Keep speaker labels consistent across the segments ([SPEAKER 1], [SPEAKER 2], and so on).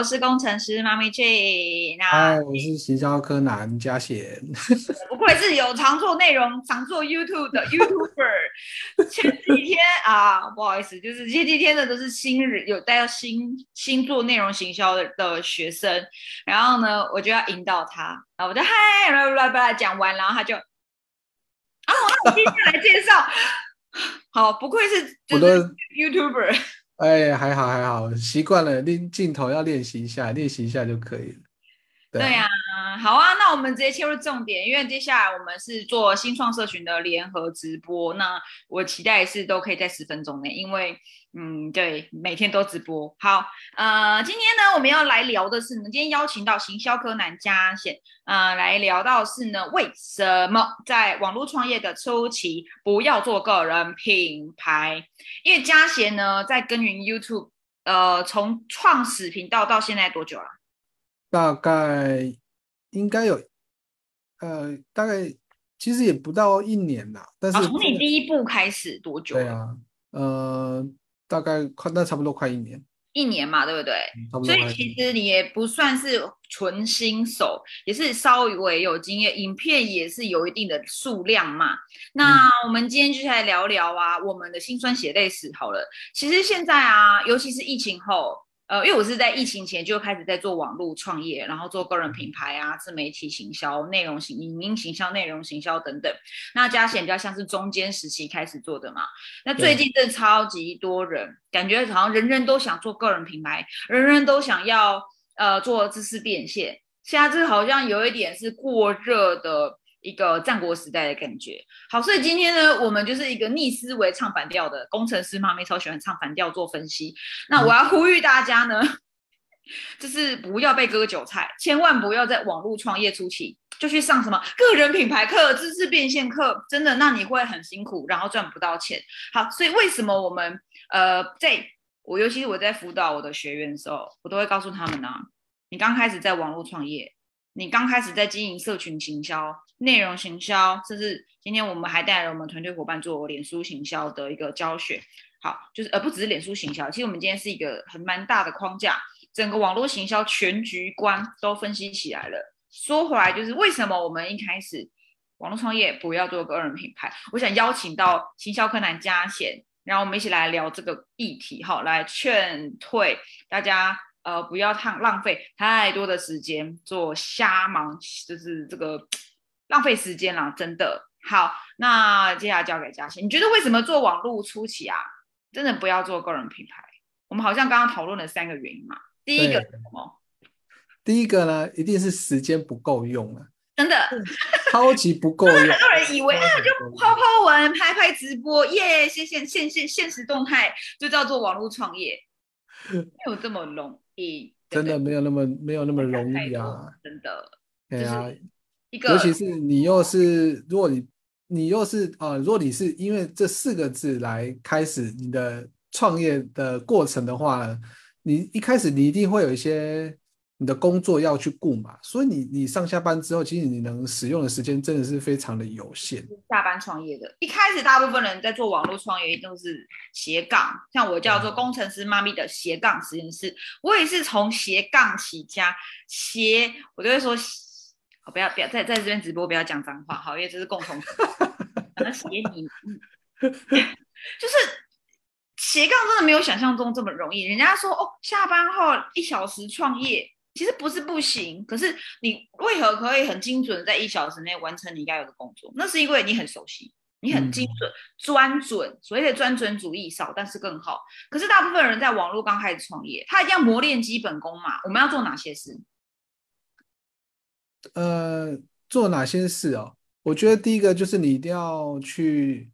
[SPEAKER 1] 我是工程師媽咪 Jane
[SPEAKER 2] 嗨，然後我是行銷科男嘉賢。
[SPEAKER 1] 不愧是有常做內容、常做 YouTube 的 YouTuber。 前幾天啊，不好意思，就是前幾天的都是新人，有帶新新做內容行銷的，的學生。然後呢，我就要引導他，然後我就嗨，啦啦啦啦，講完，然後他就啊，我，我接下來介紹， 好，不愧是就是 YouTuber。我
[SPEAKER 2] 哎，還好還好，習慣了。拎鏡頭要練習一下，練習一下就可以了。
[SPEAKER 1] 對呀。對啊，好啊，那我們直接切入重點，因為接下來我們是做新創社群的聯合直播。那我期待是都可以在十分鐘內，因為。嗯，對，每天都直播。好，呃，今天呢，我們要來聊的是呢，今天邀請到行銷科男嘉賢，呃，來聊到是呢，為什麼在網絡創業的初期不要做個人品牌？因為嘉賢呢，在耕耘 YouTube，呃，從創始頻道到現在多久了？
[SPEAKER 2] 大概應該有，呃，大概其實也不到一年啦。但是，啊，從你第
[SPEAKER 1] 一步開始多
[SPEAKER 2] 久了？對啊，呃。大概快，那差不多快一年。
[SPEAKER 1] 一年嘛，對不對？嗯、不所以其實你也不算是純新手，也是稍微有經驗，影片也是有一定的數量嘛。那我們今天就來聊聊啊，嗯、我們的辛酸血淚史好了。其實現在啊，尤其是疫情後。呃，因為我是在疫情前就開始在做網路創業，然後做個人品牌啊，自媒體行銷、內容行、影音行銷、內容行銷等等。那加顯比較像是中間時期開始做的嘛。那最近真的超級多人，對感覺好像人人都想做個人品牌，人人都想要呃做知識變現。現在這好像有一點是過熱的。一個戰國時代的感覺。好，所以今天呢，我們就是一個逆思維唱反調的工程師媽咪，超喜歡唱反調做分析。那我要呼籲大家呢，就是不要被割韭菜，千萬不要在網路創業初期就去上什麼個人品牌課、知識變現課。真的，那你會很辛苦，然後賺不到錢。好，所以為什麼我們呃，在我尤其是我在輔導我的學員的時候，我都會告訴他們呢、啊，你剛開始在網路創業。你剛開始在經營社群行銷、內容行銷，甚至今天我們還帶了我們團隊夥伴做臉書行銷的一個教學。好，就是呃，而不只是臉書行銷，其實我們今天是一個很蠻大的框架，整個網絡行銷全局觀都分析起來了。說回來，就是為什麼我們一開始網絡創業不要做個二人品牌，我想邀請到行銷科男加賢，然後我們一起來聊這個議題，好，來勸退大家。呃，不要浪浪費太多的時間做瞎忙，就是這個浪費時間啦，真的。好，那接下來交給嘉欣，你覺得為什麼做網路初期啊，真的不要做個人品牌？我們好像剛剛討論了三個原因嘛。對第一個是什麼？
[SPEAKER 2] 第一個呢，一定是時間不夠用了、
[SPEAKER 1] 啊，真的、嗯、 超
[SPEAKER 2] 級不夠用。很多 人以為啊，以為就泡
[SPEAKER 1] 泡文、拍拍直播、耶、yeah, 現,現,現,現現現現現實動態，就叫做網路創業， 沒有這麼籠。
[SPEAKER 2] 真的沒有那麼沒有那麼容易啊！真的，對啊，
[SPEAKER 1] 尤其是
[SPEAKER 2] 你又是，如果你你又是啊，如果你是因為這四個字來開始你的創業的過程的話，你一開始你一定會有一些。你的工作要去顧嘛，所以你你上下班之後，其實你能使用的時間真的是非常的有限。
[SPEAKER 1] 下班創業的，一開始大部分人在做網路創業都是斜槓，像我叫做工程師媽咪的斜槓實驗室，嗯、我也是從斜槓起家。斜，我就會說，好，不要不要在在這邊直播，不要講髒話，好，因為這是共同主持人，哈哈 斜你， 就是斜槓真的沒有想象中這麼容易。人家說哦，下班後一小時創業。其實不是不行，可是你為何可以很精準在一小時內完成你應該有的工作？那是因為你很熟悉，你很精準，嗯、專準，所謂的「專準主義少，但是更好。可是大部分人在網絡剛開始創業，他一定要磨練基本功嘛？我們要做哪些事？
[SPEAKER 2] 呃，做哪些事哦？我覺得第一個就是你一定要去。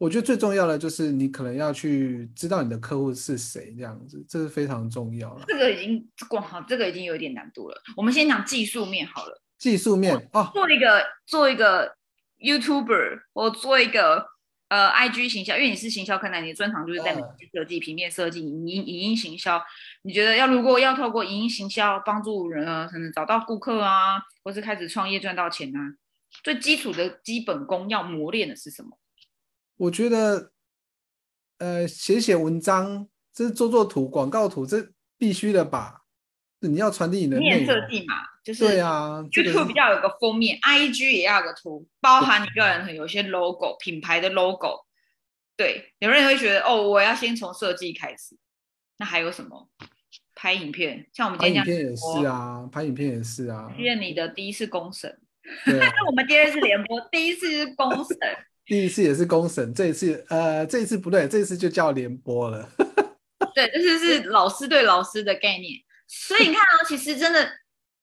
[SPEAKER 2] 我覺得最重要的就是你可能要去知道你的客戶是誰，這樣子，這是非常重要了。
[SPEAKER 1] 這個已經，哇，這個已經有點難度了。我們先講技術面好了。技術面，做一個做一個 YouTuber，我做一個呃 IG 行銷，因為你是行象行銷，看來你的專長就是在設計、嗯、平面設計、影音、影音行銷。你覺得要如果要透過影音行銷幫助人啊，才能找到顧客啊，或是開始創業賺到錢啊，最基礎的基本功要磨練的是什麼？
[SPEAKER 2] 我覺得，呃，寫寫文章，這是做做圖，廣告圖，這必須的吧？你要傳遞你的美面設
[SPEAKER 1] 計嘛，就是。對啊。YouTube 比較要有個封面，IG 也要有個圖，包含你個人，有些 logo 對品牌的 logo。對，有人會覺得哦，我要先從設計開始。那還有什麼？拍影片，像我們今天。拍影片也是
[SPEAKER 2] 啊，拍影片也是啊。
[SPEAKER 1] 願你的第一次公審。那、啊、 是我們今天是聯播，第一次是公審。
[SPEAKER 2] 第一次也是公審，這一次呃、這一次不對，這一次就叫聯播了。
[SPEAKER 1] 對，這是老師對老師的概念。所以你看哦、啊，其實真的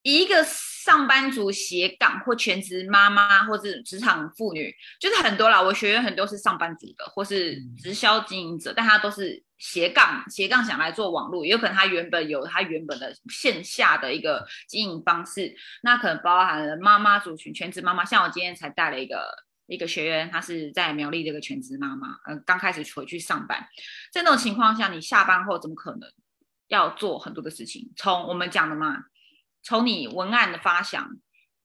[SPEAKER 1] 一個上班族斜槓或全職媽媽或是職場婦女，就是很多啦。我學員很多是上班族的，或是直銷經營者，嗯、但他都是斜槓斜槓想來做網絡，也有可能他原本有他原本的線下的一個經營方式，那可能包含了媽媽族群、全職媽媽。像我今天才帶了一個。一個學員，她是在苗栗這個全職媽媽，嗯、呃，剛開始回去上班。在那種情況下，你下班後怎麼可能要做很多的事情？從我們講的嘛，從你文案的發想、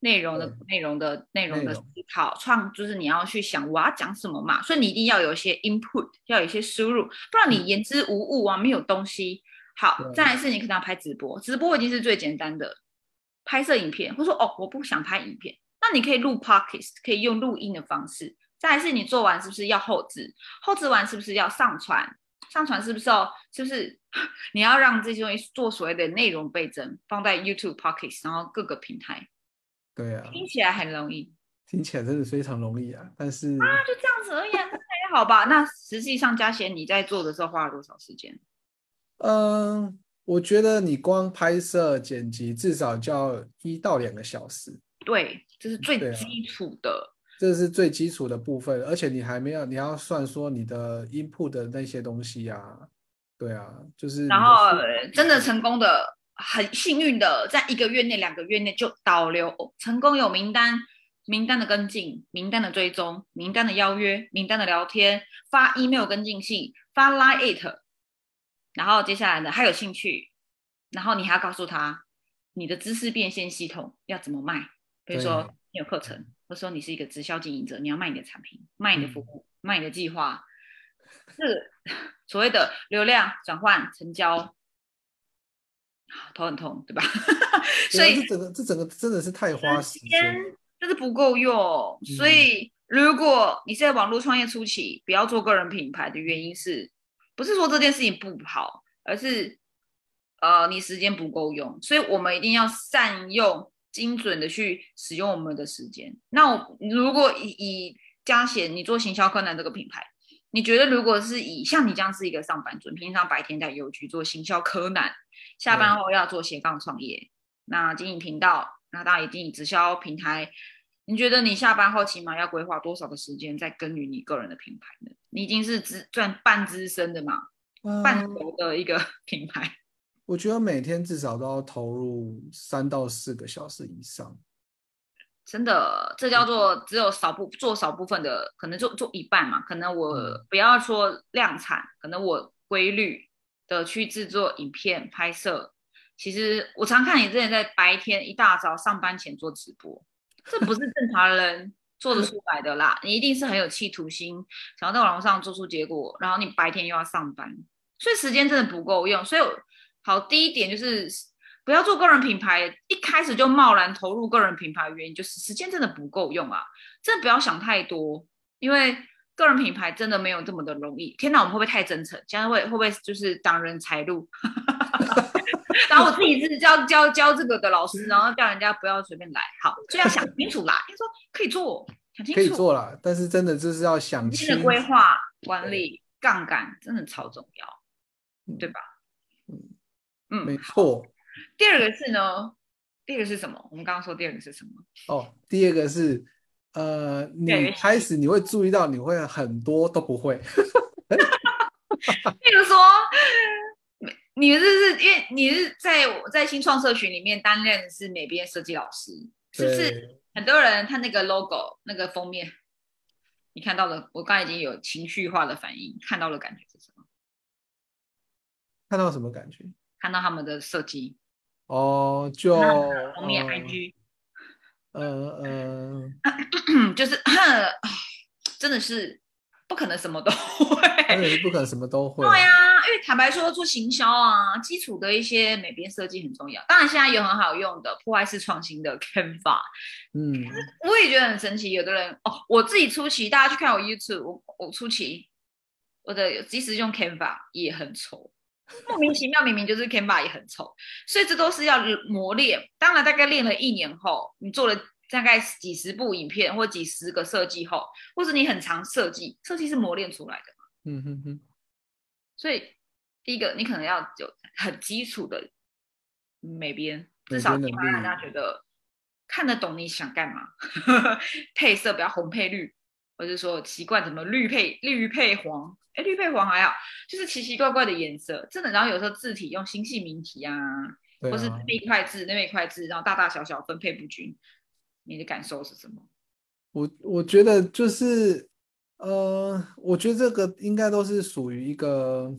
[SPEAKER 1] 內容的對內容的內容的思考、容創，就是你要去想我要講什麼嘛。所以你一定要有一些 input，要有一些輸入，不然你言之無物啊，嗯、沒有東西。好，對再來是你可能要拍直播，直播已經是最簡單的，拍攝影片。或者說，哦，我不想拍影片。那你可以錄 Podcast，可以用錄音的方式。再來是，你做完是不是要後置？後置完是不是要上傳？上傳是不是哦？是不是你要讓這些東西做所謂的內容倍增，放在 YouTube Podcast，然後各個平台。
[SPEAKER 2] 對啊。聽
[SPEAKER 1] 起來很容易。
[SPEAKER 2] 聽起來真的非常容易啊！但是啊，
[SPEAKER 1] 就這樣子而已，啊， 那還好吧。那實際上，嘉賢你在做的時候花了多少時間？
[SPEAKER 2] 嗯，我覺得你光拍攝剪輯至少就要一到兩個小時。
[SPEAKER 1] 對。這是最基礎的、
[SPEAKER 2] 啊，這是最基礎的部分，而且你還沒有，你要算說你的 input 的那些東西呀、啊，對啊，就是然後
[SPEAKER 1] 真的成功的，很幸運的，在一個月內、兩個月內就導流成功，有名單，名單的跟進，名單的追蹤，名單的邀約，名單的聊天，發 email 跟進信，發 line it，然後接下來呢，還有興趣，然後你還要告訴他你的知識變現系統要怎麼賣。比如說你有課程，對或者說你是一個直銷經營者，對你要賣你的產品，賣你的服務，嗯、賣你的計劃，是所謂的流量轉換成交，頭很痛，對吧？對 所以這
[SPEAKER 2] 整個這整個真的是太花時間，
[SPEAKER 1] 這就是不夠用。嗯、所以如果你是在網絡創業初期，不要做個人品牌的原因是，不是說這件事情不好，而是呃你時間不夠用。所以我們一定要善用。精準的去使用我們的時間。那我如果以以加賢，你做行銷科男這個品牌，你覺得如果是以像你這樣是一個上班族，平常白天在郵局做行銷科男，下班後要做斜槓創業，嗯、那經營頻道，那當然也經營直銷平台，你覺得你下班後起碼要規劃多少的時間在耕耘你個人的品牌呢？你已經是只賺半資深的嘛，半熟的一個品牌。嗯我覺得
[SPEAKER 2] 每天至少都要投入三到四個小時以上，
[SPEAKER 1] 真的，這叫做只有少部做少部分的，可能做做一半嘛。可能我、嗯、不要說量產，可能我規律的去制作影片拍攝。其實我常看你之前在白天一大早上班前做直播，這不是正常人做得出來的啦。 你一定是很有企圖心，想要在網絡上做出結果，然後你白天又要上班，所以時間真的不夠用，所以我。好，第一點就是不要做個人品牌，一開始就貿然投入個人品牌的原因就是時間真的不夠用啊！真的不要想太多，因為個人品牌真的沒有這麼的容易。天哪，我們會不會太真誠？將會會不會就是擋人財路？然後我自己是教教教這個的老師，然後叫人家不要隨便來。好，就要想清楚啦。他 說可以做，想清楚可以做啦，
[SPEAKER 2] 但是真的就是要想清楚新的規
[SPEAKER 1] 劃管理槓桿，真的超重要，對吧？嗯
[SPEAKER 2] 嗯，沒錯錯。
[SPEAKER 1] 第二個是呢，第二個是什麼？我們剛剛說第二個是什麼？哦，
[SPEAKER 2] 第二個是，呃，對你開始你會注意到，你會很多都不會。
[SPEAKER 1] 比如說，你是不是因為你是在我在新創社群裡面擔任是美編設計老師，對是不是？很多人他那個 logo 那個封面，你看到了，我剛才已經有情緒化的反應，看到了感覺是什麼？
[SPEAKER 2] 看到什麼感覺？
[SPEAKER 1] 看到他們的設計
[SPEAKER 2] 哦，oh, 就我們也 IG，嗯嗯,嗯、啊咳咳，
[SPEAKER 1] 就是真的是不可能什麼都會，
[SPEAKER 2] 是不可能什麼都會、啊，對呀、
[SPEAKER 1] 啊，因為坦白說做行銷啊，基礎的一些美編設計很重要。當然現在有很好用的破壞式創新的 Canva，嗯，我也覺得很神奇。有的人哦，我自己初期，大家去看我 YouTube，我我初期我的即使用 Canva 也很醜。莫名其妙，明明就是 Canva 也很醜，所以這都是要磨練。當然，大概練了一年後，你做了大概幾十部影片，或幾十個設計後，或者你很常設計，設計是磨練出來的。嗯哼
[SPEAKER 2] 哼。
[SPEAKER 1] 所以第一個，你可能要有很基礎的美編，至少你讓大家覺得看得懂你想幹嘛。 配色不要紅配綠。或者說奇怪，怎麼綠配綠配黃？哎，綠配黃還好，就是奇奇怪怪的顏色，真的。然後有時候字體用新細明體啊，
[SPEAKER 2] 或是
[SPEAKER 1] 那一塊字那一塊字，然後大大小小分配不均，你的感受是什麼？
[SPEAKER 2] 我我覺得就是，呃，我覺得這個應該都是屬於一個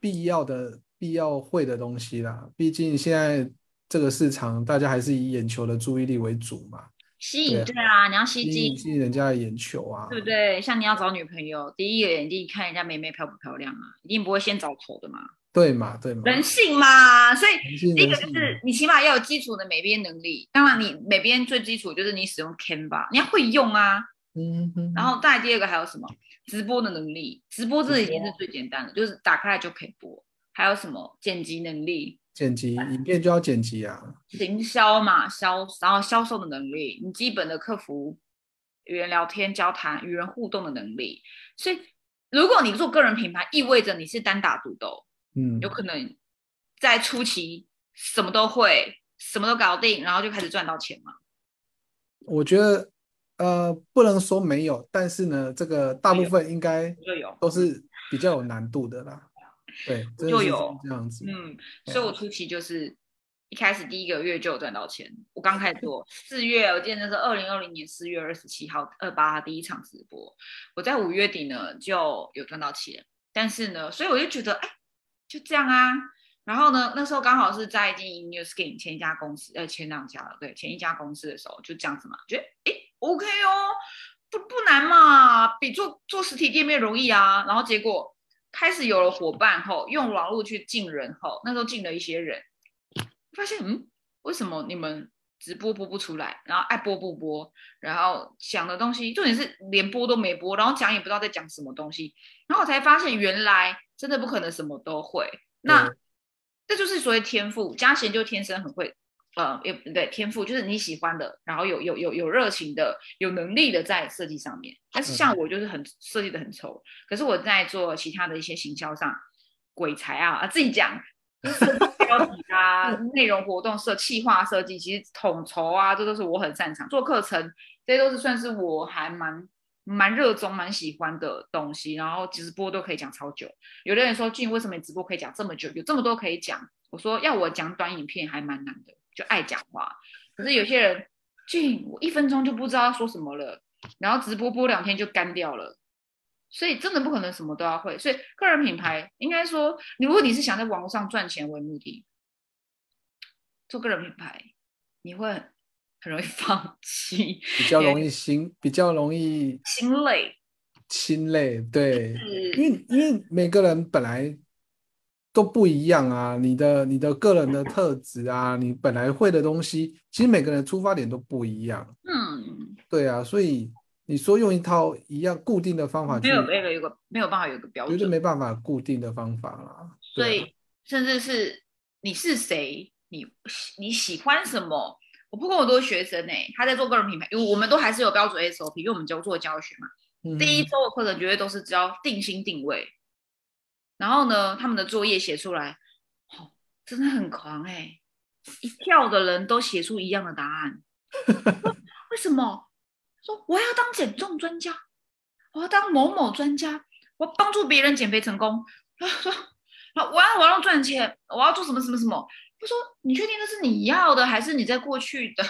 [SPEAKER 2] 必要的、必要會的東西啦。畢竟現在這個市場，大家還是以眼球的注意力為主嘛。
[SPEAKER 1] 吸引，對啊，對啊，你要吸睛，吸
[SPEAKER 2] 引人家的眼球啊，對
[SPEAKER 1] 不對？像你要找女朋友，對第一個眼睛看人家美眉漂不漂亮啊，一定不會先找醜的嘛，
[SPEAKER 2] 對嘛，對嘛，人
[SPEAKER 1] 性嘛。所以第一個就是你起碼要有基礎的美編能力，當然你美編最基礎的就是你使用 Canva，你要會用啊。嗯哼哼，然後再第二個還有什麼？直播的能力，直播這已經是最簡單的，播就是打開來就可以播。還有什麼剪輯能力？
[SPEAKER 2] 剪輯，影片就要剪輯啊，
[SPEAKER 1] 行銷嘛，銷然後銷售的能力，你基本的客服，與人聊天交談、交談、與人互動的能力。所以，如果你做個人品牌，意味着你是單打獨鬥，嗯，有可能在初期什麼都會，什麼都搞定，然後就開始賺到錢嘛。
[SPEAKER 2] 我覺得，呃，不能說沒有，但是呢，這個大部分應該都有，都是比較有難度的啦。對，就有這樣子，嗯，嗯，
[SPEAKER 1] 所以我初期就是一開始第一個月就賺到錢。嗯、我剛開始做四月，我記得那是二零二零年四月二十七號二八第一場直播，我在五月底呢就有賺到錢。但是呢，所以我就覺得，哎、欸，就這樣啊。然後呢，那時候剛好是在經營 New Skin 前一家公司，呃，前兩家了，對，前一家公司的時候就這樣子嘛，覺得哎，OK 哦，不不難嘛，比做做實體店面容易啊。然後結果。開始有了夥伴後，用網絡去進人後，那時候進了一些人，發現嗯，為什麼你們直播播不出來？然後愛播不播？然後想的東西重點是連播都沒播，然後講也不知道在講什麼東西。然後我才發現，原來真的不可能什麼都會。那、嗯、這就是所謂天賦，嘉賢就天生很會。呃，有、嗯，對，天賦就是你喜歡的，然後有有有有熱情的，有能力的在設計上面。但是像我就是很設計的很醜，可是我在做其他的一些行銷上，鬼才啊，啊自己講，就是標題啊， 內容活動設企劃設計，其實統籌啊，這都是我很擅長。做課程，這些都是算是我還蠻蠻熱衷、蠻喜歡的東西。然後直播都可以講超久。有的人說，俊，為什麼你直播可以講這麼久，有這麼多可以講？我說要我講短影片還蠻難的。就愛講話，可是有些人靜，我一分鐘就不知道說什麼了，然後直播播兩天就幹掉了，所以真的不可能什麼都要會。所以個人品牌應該說，如果你是想在網絡上賺錢為目的，做個人品牌，你會很，很容易放棄，
[SPEAKER 2] 比較容易心，比較容易心累，心累，對，嗯，因為因為每個人本來。都不一樣啊，你的你的個人的特質啊，你本來會的東西，其實每個人的出發點都不一樣。嗯，對啊，所以你說用一套一樣固定的方法，沒有沒
[SPEAKER 1] 有有個沒有辦法有個標準，
[SPEAKER 2] 就是沒辦法固定的方法啦。
[SPEAKER 1] 所以甚至是你是誰，你你喜歡什麼，我不跟我多學生呢，他在做個人品牌，因為我們都還是有標準 SOP，因為我們就做教學嘛。第一周的課程絕對都是只要定心定位。嗯。然後呢，他們的作業寫出來，好，哦，真的很狂哎，欸！一票的人都寫出一樣的答案， 為什麼？說我要當減重專家，我要當某某專家，我幫助別人減肥成功。他說，然後，我要我要賺錢，我要做什麼什麼什麼？他說，你確定那是你要的，還是你在過去的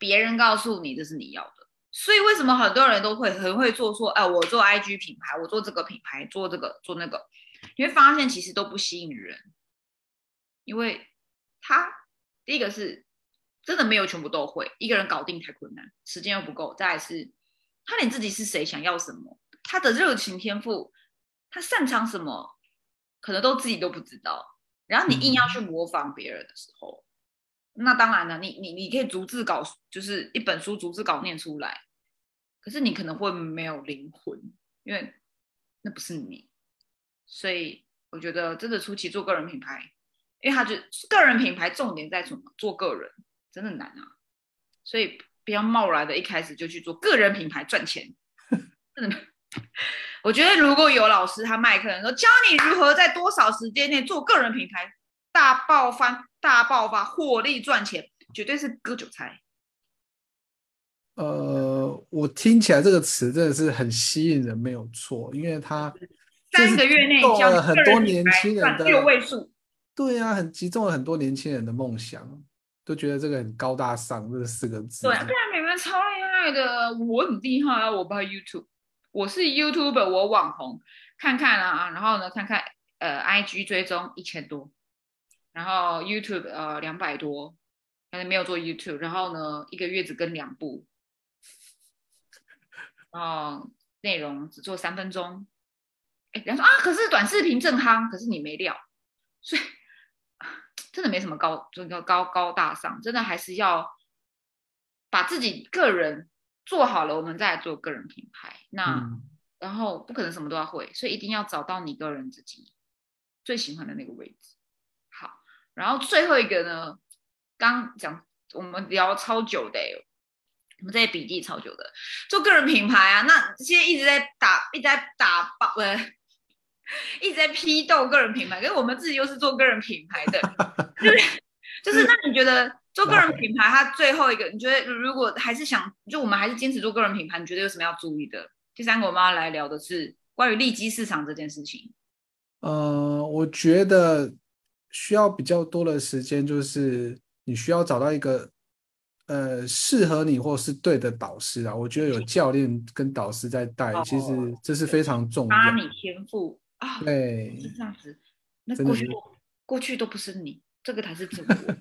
[SPEAKER 1] 別人告訴你這是你要的？所以為什麼很多人都會很會做說，哎、啊，我做 IG 品牌，我做這個品牌，做這個做那個，你會發現其實都不吸引人，因為他第一個是真的沒有全部都會，一個人搞定太困難，時間又不夠。再來是他連自己是誰，想要什麼，他的熱情天賦，他擅長什麼，可能都自己都不知道。然後你硬要去模仿別人的時候。那當然了，你你你可以逐字稿就是一本書逐字稿念出來，可是你可能會沒有靈魂，因為那不是你，所以我覺得真的初期做個人品牌，因為他就個人品牌重點在什麼？做個人真的難啊，所以不要貿然的一開始就去做個人品牌賺錢，真的。我覺得如果有老師他賣課，說教你如何在多少時間內做個人品牌。大爆發，大爆發，獲利賺錢，絕對是割韭菜。
[SPEAKER 2] 呃，我聽起來這個詞真的是很吸引人，沒有錯，因為它
[SPEAKER 1] 三個月內教了很多年輕人賺六位數。
[SPEAKER 2] 對呀、啊，很集中了很多年輕人的夢想，都覺得這個很高大上，這四個字。對、啊，個人品牌
[SPEAKER 1] 超厲害的，我很厲害啊，我拍 YouTube，我是 YouTuber，我網紅，看看啊，然後呢，看看呃 IG 追蹤一千多。然後 YouTube 呃兩百多，但是沒有做 YouTube。然後呢，一個月只更兩部，然後內容只做三分鐘。哎，人家說啊，可是短視頻正夯，可是你沒料，所以真的沒什麼高，這個高高、高大上，真的還是要把自己個人做好了，我們再來做個人品牌。那然後不可能什麼都要會，所以一定要找到你個人自己最喜歡的那個位置。然後最後一個呢，剛,剛講我們聊超久的，我們這些筆記超久的，做個人品牌啊，那現在一直在打，一直在打榜，不、呃，一直在批鬥個人品牌，可是我們自己又是做個人品牌的，就是 就是，就是、那你覺得做個人品牌，它最後一個，你覺得如果還是想，就我們還是堅持做個人品牌，你覺得有什麼要注意的？第三個我們要來聊的是關於利基市場這件事情。呃，
[SPEAKER 2] 我覺得。需要比較多的時間，就是你需要找到一個呃適合你或是對的導師啊。我覺得有教練跟導師在帶，哦、其實這是非常重要的。挖、啊、你
[SPEAKER 1] 天賦啊，哦、對，是這樣子。
[SPEAKER 2] 那
[SPEAKER 1] 過去真的過去都不是你，這個才是真的。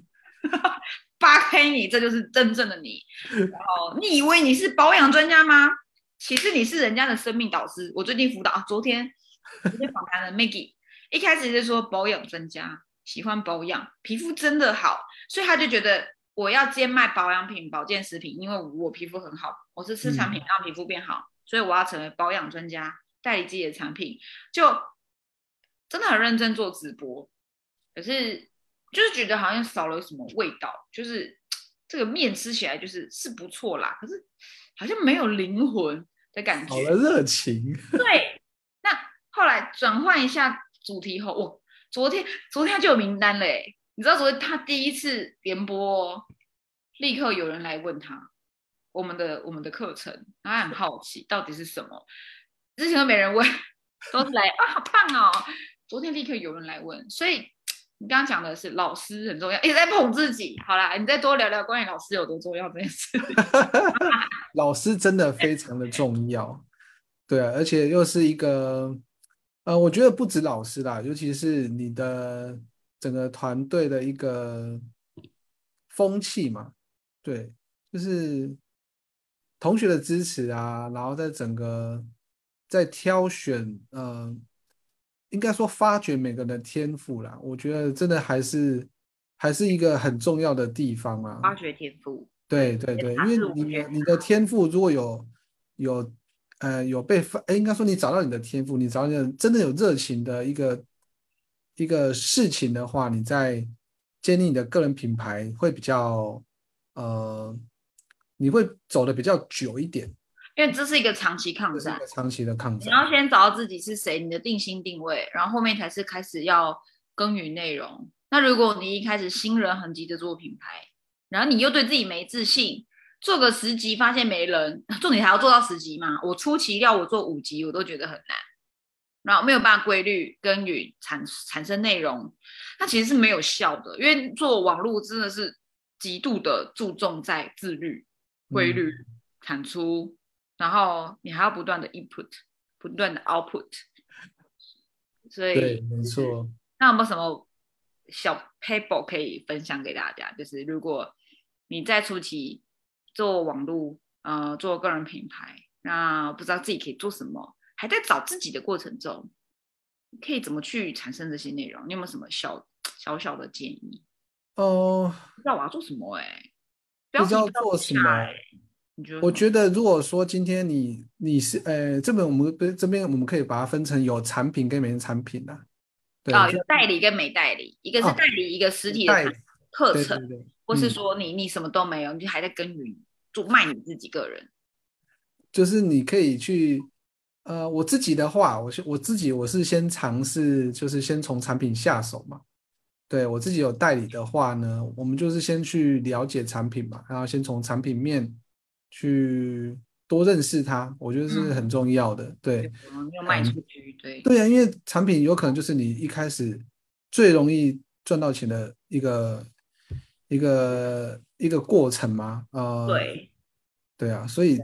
[SPEAKER 1] 扒開 你，這就是真正的你。然後、 哦、你以為你是保養專家嗎？其實你是人家的生命導師。我最近輔導、啊，昨天昨天訪談了 Maggie，一開始就說保養專家。喜歡保養，皮膚真的好，所以他就覺得我要兼賣保養品、保健食品，因為我皮膚很好，我是吃產品讓皮膚變好，嗯、所以我要成為保養專家，代理自己的產品，就真的很認真做直播。可是就是覺得好像少了什麼味道，就是這個麵吃起來就是是不錯啦，可是好像沒有靈魂的感覺，
[SPEAKER 2] 好了熱情。
[SPEAKER 1] 對，那後來轉換一下主題後，我。昨天，昨天就有名單嘞。你知道昨天他第一次聯播，立刻有人來問他我們的我們的課程，他很好奇到底是什麼。之前都沒人問，都是來啊，好棒哦！昨天立刻有人來問，所以你剛剛講的是老師很重要，也在捧自己。好啦，你再多聊聊關於老師有多重要這件事。
[SPEAKER 2] 老師真的非常的重要，對啊，而且又是一個。呃，我覺得不止老師啦，尤其是你的整個團隊的一個風氣嘛，對，就是同學的支持啊，然後在整個在挑選，呃，應該說發掘每個人的天賦啦，我覺得真的還是還是一個很重要的地方啊。發
[SPEAKER 1] 掘天賦，
[SPEAKER 2] 對對對，對對因為你你的天賦如果有有。呃，有被發，應該說你找到你的天賦，你找到你的真的有熱情的一個一個事情的話，你再建立你的個人品牌會比較，呃，你會走的比較久一點，
[SPEAKER 1] 因為這是一個長期抗戰，是一個
[SPEAKER 2] 長期的抗戰。你要
[SPEAKER 1] 先找到自己是誰，你的定心定位，然後後面才是開始要耕耘內容。那如果你一開始新人很急著做品牌，然後你又對自己沒自信。做個十集，發現沒人，重你還要做到十集嗎？我初期要我做五集，我都覺得很難。然後沒有辦法規律耕耘產產生內容，它其實是沒有效的。因為做網絡真的是極度的注重在自律、規律產出，然後你還要不斷的 input，不斷的 output。所以，對，沒錯。那有沒有什麼小 paper 可以分享給大家？就是如果你在初期。做網路、呃，做個人品牌，那不知道自己可以做什麼，還在找自己的過程中，可以怎麼去產生這些內容？你有沒有什麼小小小的建議？哦，不知道我要做什麼哎、欸，不知道做什麼哎，欸、麼你覺
[SPEAKER 2] 得？我覺得如果說今天你你是呃，這邊我們這邊我們可以把它分成有產品跟沒產品的。
[SPEAKER 1] 啊，有、哦、就代理跟沒代理，一個是代理一個實體的課程。哦不是說你你
[SPEAKER 2] 什麼都沒有，你就還在耕耘做賣你自己個人，就是你可以去，呃，我自己的話，我我自己我是先嘗試，就是先從產品下手嘛。對，我自己有代理的話呢，我們就是先去了解產品嘛，然後先從產品面去多認識它，我覺得是很重要的。嗯、對，
[SPEAKER 1] 要對賣出去，對對呀，
[SPEAKER 2] 因為產品有可能就是你一開始最容易賺到錢的一個。一個一個過程嗎？呃，對，對啊，所以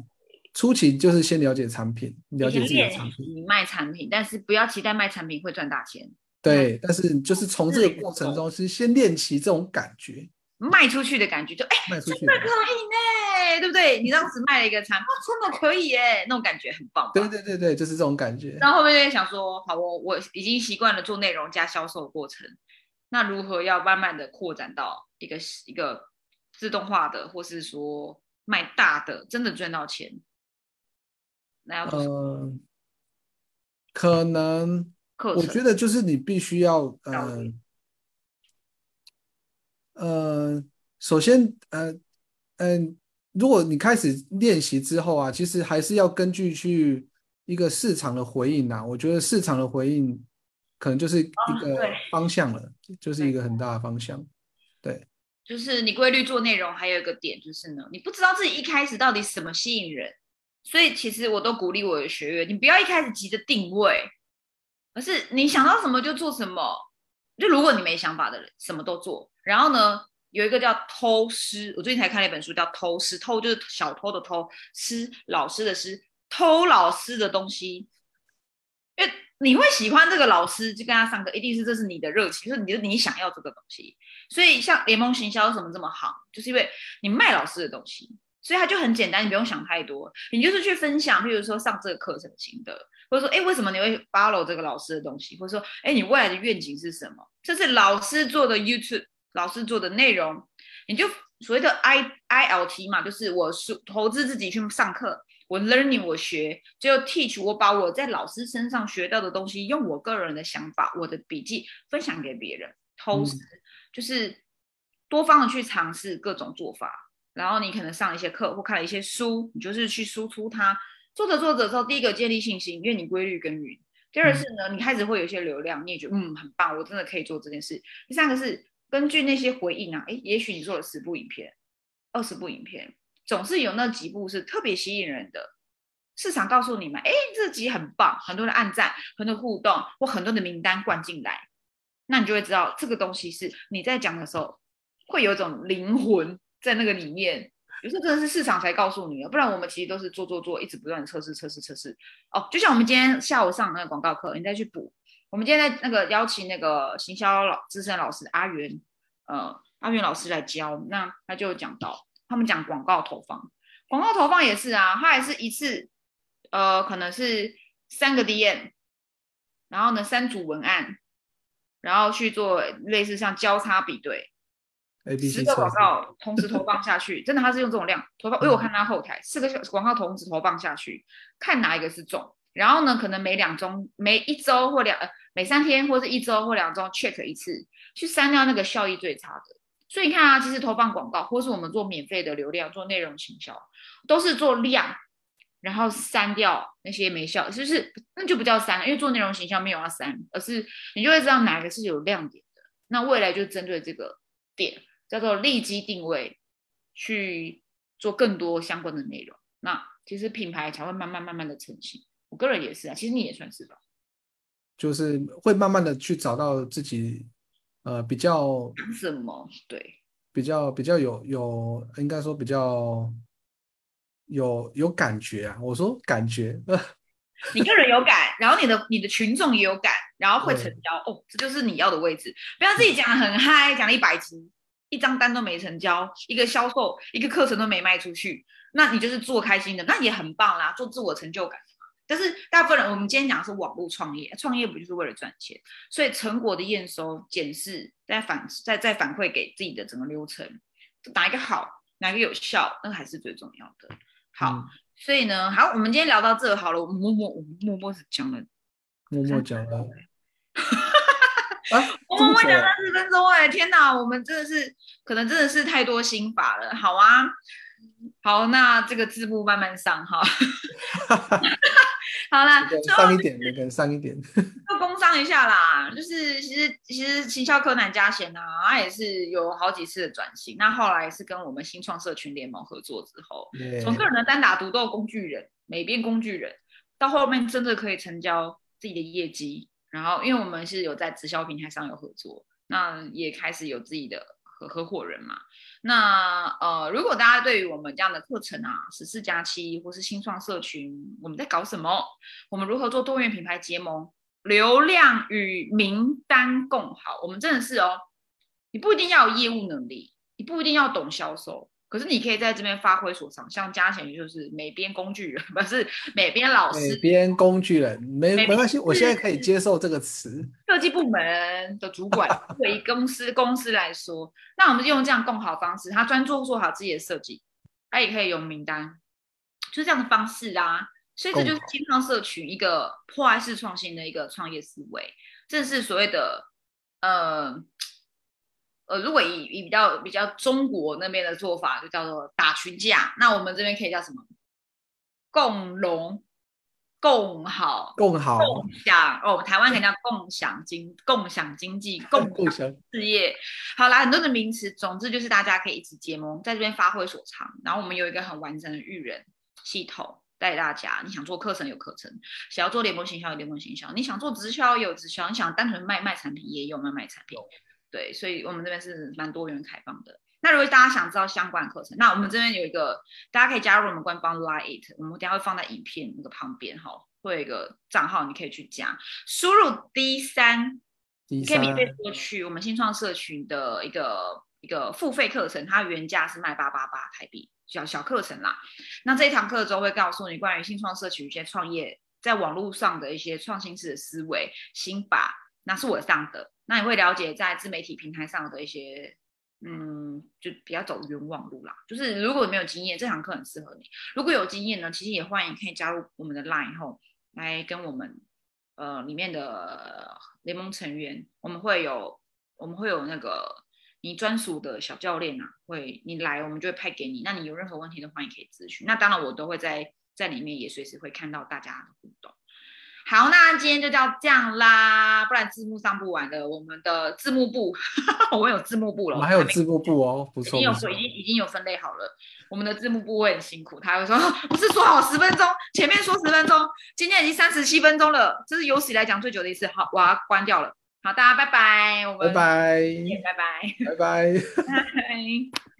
[SPEAKER 2] 初期就是先了解產品，了解自己的產
[SPEAKER 1] 品。你賣產品，但是不要期待賣產品會賺大錢。
[SPEAKER 2] 對，但是就是從這個過程中，是先練習這種感覺，
[SPEAKER 1] 賣出去的感覺就哎，欸、賣出去的真的可以呢，對不對？你當時賣了一個產品，哦，真的可以耶，那種感覺很棒。
[SPEAKER 2] 對對對對，就是這種感覺。然
[SPEAKER 1] 後後面就想說，好，我我已經習慣了做內容加銷售的過程。那如何要慢慢的擴展到一個一個自動化的，或是說賣大的，真的賺到錢？那
[SPEAKER 2] 要嗯、呃，可能我覺得就是你必須要嗯嗯、呃到底呃，首先嗯嗯、呃呃，如果你開始練習之後啊，其實還是要根據去一個市場的回應吶、啊，我覺得市場的回應。可能就是一個方向了，哦、就是一個很大的方向。對，
[SPEAKER 1] 對對，就是你規律做內容，還有一個點就是呢，你不知道自己一開始到底什麼吸引人，所以其實我都鼓勵我的學員，你不要一開始急着定位，而是你想到什麼就做什麼。就如果你沒想法的人，什麼都做。然後呢，有一個叫偷師，我最近才看了一本書，叫偷師。偷就是小偷的偷，師老師的師，偷老師的東西。你會喜歡這個老師就跟他上課，一定是這是你的熱情，就是你你想要這個東西。所以像聯盟行銷為什麼這麼好，就是因為你賣老師的東西，所以它就很簡單，你不用想太多，你就是去分享，比如說上這個課程心得，或者說哎為什麼你會 follow 這個老師的東西，或者說哎你未來的願景是什麼？這是老師做的 YouTube，老師做的內容，你就所謂的 I I L T 嘛，就是我是投資自己去上課。我 learning 我學，就 teach 我把我在老師身上學到的東西，用我個人的想法，我的筆記分享給別人，同時、嗯、就是多方的去嘗試各種做法。然後你可能上一些課或看了一些書，你就是去輸出它。做着做着之後，第一個建立信心，因為你規律耕耘。第二是呢，嗯、你開始會有一些流量，你也覺得嗯很棒，我真的可以做這件事。第三個是根據那些回應啊，誒、欸，也許你做了十部影片，二十部影片。總是有那幾部是特別吸引人的，市場告訴你們，哎，這集很棒，很多人按讚，很多互動，或很多的名單灌進來，那你就會知道這個東西是你在講的時候，會有一種靈魂在那個裡面。有時候真的是市場才告訴你哦，不然我們其實都是做做做，一直不斷的測試測試測試。哦，就像我們今天下午上那個廣告課，你再去補。我們今天在那個邀請那個行銷老資深老師阿元，呃，阿元老師來教，那他就講到。他們講廣告投放，廣告投放也是啊，它還是一次，呃，可能是三個 DM 然後呢，三組文案，然後去做類似像交叉比對，
[SPEAKER 2] 四 ABC 個廣告
[SPEAKER 1] 同時投放下去， 真的它是用這種量投放，因為我看他後台四個小廣告同時投放下去，看哪一個是重，然後呢，可能每兩周每一周或兩、呃、每三天或是一周或兩周 check 一次，去刪掉那個效益最差的。所以你看啊，其實投放廣告，或是我們做免費的流量，做內容行銷，都是做量，然後刪掉那些沒效，就是，是那就不叫刪，因為做內容行銷沒有要刪，而是你就會知道哪個是有亮點的，那未來就針對這個點叫做利基定位去做更多相關的內容，那其實品牌才會慢慢慢慢的成型。我個人也是啊，其實你也算是吧，就
[SPEAKER 2] 是會慢慢的去找到自己。呃，比較
[SPEAKER 1] 什麼？對，
[SPEAKER 2] 比較比較有有，應該說比較有有感覺啊。我說感覺，
[SPEAKER 1] 你個人有感，然後你的你的群眾也有感，然後會成交對哦，這就是你要的位置。不要自己講得很嗨，講了一百集，一張單都沒成交，一個銷售一個課程都沒賣出去，那你就是做開心的，那也很棒啦，啊，做自我成就感。但是大部分人，我們今天講的是網絡創業，創業不就是為了賺錢？所以成果的驗收、檢視、再反、再再反饋給自己的整個流程，哪一個好，哪個有效，那個還是最重要的。好，嗯、所以呢，好，我們今天聊到這好了。我默默，默默是講了，
[SPEAKER 2] 默默講了，我
[SPEAKER 1] 哈哈！默默講三四分鐘、欸，哎，天哪，我們真的是，可能真的是太多心法了。好啊，好，那這個字幕慢慢上哈。 好了，上一
[SPEAKER 2] 點的人上一點，
[SPEAKER 1] 要工商一下啦。就是其實其實行銷科男嘉賢啊，他也是有好幾次的轉型。那後來是跟我們新創社群聯盟合作之後，從個人的單打獨鬥工具人，美編工具人，到後面真的可以成交自己的業績。然後因為我們是有在直銷平台上有合作，那也開始有自己的。和合夥人嘛，那呃，如果大家對於我們這樣的課程啊，十四加七或是新創社群，我們在搞什麼？我們如何做多元品牌結盟？流量與名單共好，我們真的是哦，你不一定要有業務能力，你不一定要懂銷售。可是你可以在這邊發揮所長，像加錢就是美編工具人，不是美編老師。美
[SPEAKER 2] 編工具人沒沒關係，我現在可以接受這個詞。
[SPEAKER 1] 設計部門的主管， 對於公司公司來說，那我們用這樣更好的方式，他專注做好自己的設計，他也可以用名單，就這樣的方式啦、啊。所以這就是健康社群一個破壞式創新的一個創業思維，正是所謂的呃。呃，如果以以比較比較中國那邊的做法，就叫做打群架，那我們這邊可以叫什麼？共榮、共好、共好、共享。哦，台灣可以叫共享經、共享經濟、共享事業。好啦，很多的名詞，總之就是大家可以一直結盟，在這邊發揮所長。然後我們有一個很完整的育人系統，帶大家。你想做課程有課程，想要做聯盟行銷有聯盟行銷，你想做直銷有直銷，你想單純賣賣產品也有賣賣產品。哦對，所以我們這邊是蠻多元開放的。那如果大家想知道相關的課程，那我們這邊有一個，大家可以加入我們官方 LINE，我們等一下會放在影片那個旁邊哈，會有一個賬號，你可以去加，輸入 D 三，你可以免費索取我們新創社群的一個一個付費課程，它原價是賣八八八台幣，小小課程啦。那這一堂課中會告訴你關於新創社群一些創業在網絡上的一些創新式的思維、心法。那是我上的，那你會了解在自媒體平台上的一些，嗯，就比較走冤枉路啦。就是如果你沒有經驗，這堂課很適合你；如果有經驗呢，其實也歡迎可以加入我們的 Line 後，來跟我們呃裡面的聯盟成員，我們會有我們會有那個你專屬的小教練啊，會你來我們就會派給你。那你有任何問題的話，也可以諮詢。那當然我都會在在裡面也隨時會看到大家的互動。好，那今天就到這樣啦，不然字幕上不完了，我們的字幕部呵呵，我有字幕部了，我們還有
[SPEAKER 2] 字幕部哦，不錯。已經有，已
[SPEAKER 1] 經已經有分類好了。我們的字幕部會很辛苦，他會說，不是說好十分鐘， 前面說十分鐘，今天已經三十七分鐘了，這是有史以來講最久的一次？好，我要關掉了。好的，大家拜拜，我們拜拜，拜拜， 拜，拜。